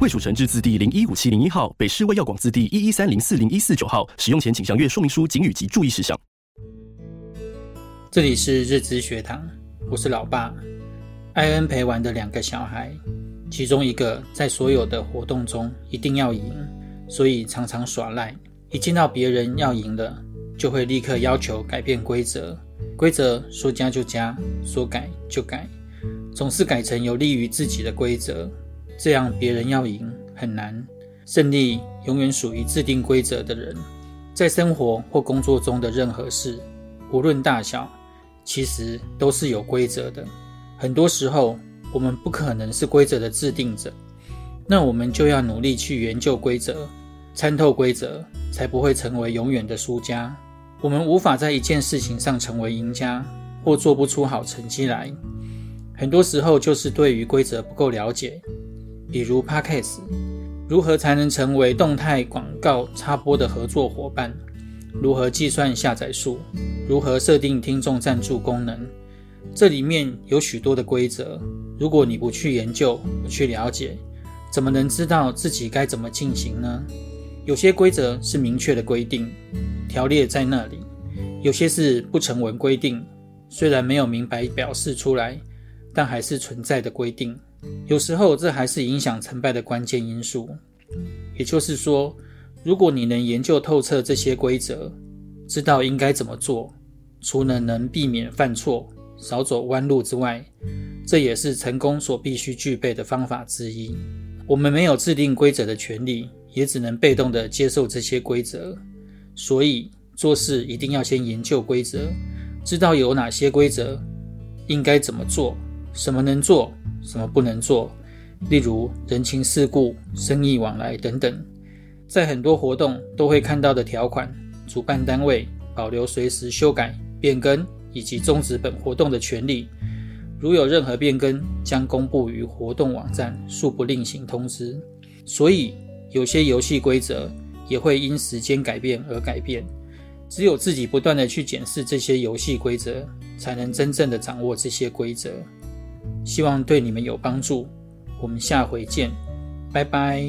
衛署成製字第零一五七零一號，北市衛藥廣字第一一三零四零一四九號。使用前請詳閱說明書、警語及注意事項。這裡是日知學堂，我是老爸。愛恩陪玩的兩個小孩，其中一個在所有的活動中一定要贏，所以常常耍賴。一見到別人要贏了，就會立刻要求改變規則。規則說加就加，說改就改，總是改成有利於自己的規則。這樣別人要贏很難，勝利永遠屬於制定規則的人。在生活或工作中的任何事，無論大小，其實都是有規則的。很多時候，我們不可能是規則的制定者，那我們就要努力去研究規則，參透規則，才不會成為永遠的輸家。我們無法在一件事情上成為贏家，或做不出好成績來，很多時候就是對於規則不夠了解。比如 Podcast，如何才能成為動態廣告插播的合作夥伴？如何計算下載數？如何設定聽眾贊助功能？這裡面有許多的規則。如果你不去研究、不去了解，怎麼能知道自己該怎麼進行呢？有些規則是明確的規定、條列在那裡；有些是不成文規定，雖然沒有明白表示出來，但還是存在的規定。有時候，這還是影響成敗的關鍵因素。也就是說，如果你能研究透徹這些規則，知道應該怎麼做，除了能避免犯錯、少走彎路之外，這也是成功所必須具備的方法之一。我們沒有制定規則的權利，也只能被動地接受這些規則。所以，做事一定要先研究規則，知道有哪些規則，應該怎麼做，什麼能做。什麼不能做，例如人情世故、生意往來等等，在很多活動都會看到的條款，主辦單位保留隨時修改、變更以及終止本活動的權利。如有任何變更，將公布於活動網站，恕不另行通知。所以，有些遊戲規則也會因時間改變而改變。只有自己不斷地去檢視這些遊戲規則，才能真正地掌握這些規則。希望對你們有幫助，我們下回見，拜拜。